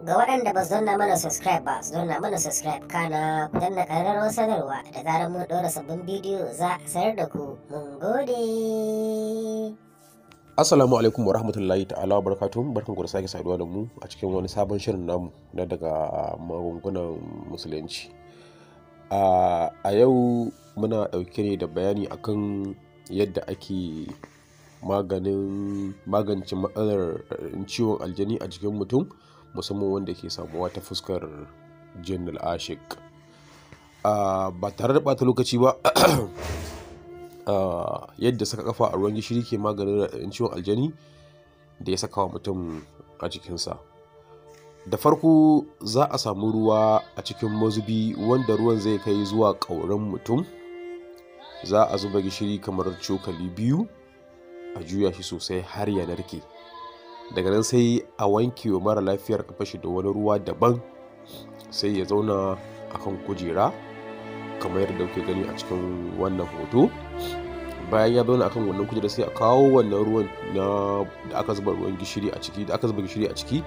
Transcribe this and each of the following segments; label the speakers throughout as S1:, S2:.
S1: ga waɗanda ba su mana subscribe ba su mana subscribe kana ku na ƙararrawar sanarwa da zarar mun ɗora sabbin bidiyo za a sayar da ku mun gode Assalamu alaikum wa rahmatullahi ta'ala wa barakatun barkan ku da sake saduwa da mu a cikin wani sabon shirin namu na daga magungunan musulunci a yau muna ɗauke ne da bayani akan yadda ake maganin magance matsalar ciwon aljani a jikin mutum musamman wanda ke samuwa ta fuskar jin ashik ah, ba tare da bata lokaci ba ah, yadda saka kafa a ruwan gishiri ke maganin ciwon aljani da ya saka wa mutum a jikinsa da farko za a samu ruwa a cikin mazubi wanda ruwan zai kai zuwa ƙauran mutum za a zuba gishiri kamar cokali biyu a juya shi sosai har ya narke daga nan sai a wanke wa mara lafiyar kafashi da wani ruwa daban sai ya zauna a kan kujera kamar yadda kuke gani a cikin wannan hoto bayan ya zauna akan wannan kujera sai a kawo wannan ruwan na da aka zuba ruwan gishiri a ciki da aka zuba gishiri a ciki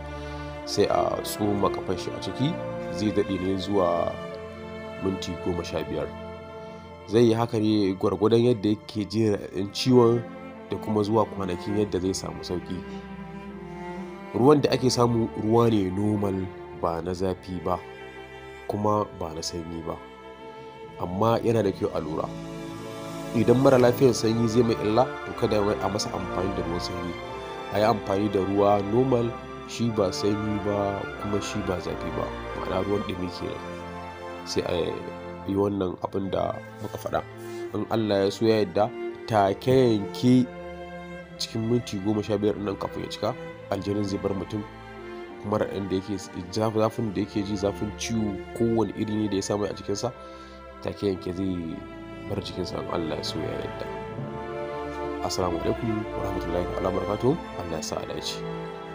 S1: sai a tsoma kafan shi a ciki zai daɗe ne zuwa minti goma sha biyar zai yi haka ne gwargwadon yadda yake jin ciwon da kuma zuwa kwanakin yadda zai samu sauki ruwan da ake samu ruwa ne normal ba na zafi ba kuma ba na sanyi ba amma yana da kyau a lura idan mara lafiyar sanyi zai mai illa to kada a masa amfani da ruwan sanyi a yi amfani da ruwa normal shi ba sanyi ba kuma shi ba zafi ba ma'ana ruwan ɗumi kenan sai a yi wannan abin da muka faɗa in allah ya so ya yadda take yanke cikin minti goma sha biyar nan kafin ya cika aljanin zai bar mutum kuma raɗin da yake zafin da yake ji zafin ciwo kowane iri ne da ya samu a jikinsa take yanke zai bar jikinsa in Allah ya so ya yadda assalamu alaikum warahmatullahi ta'ala barakatuh Allah ya sa a dace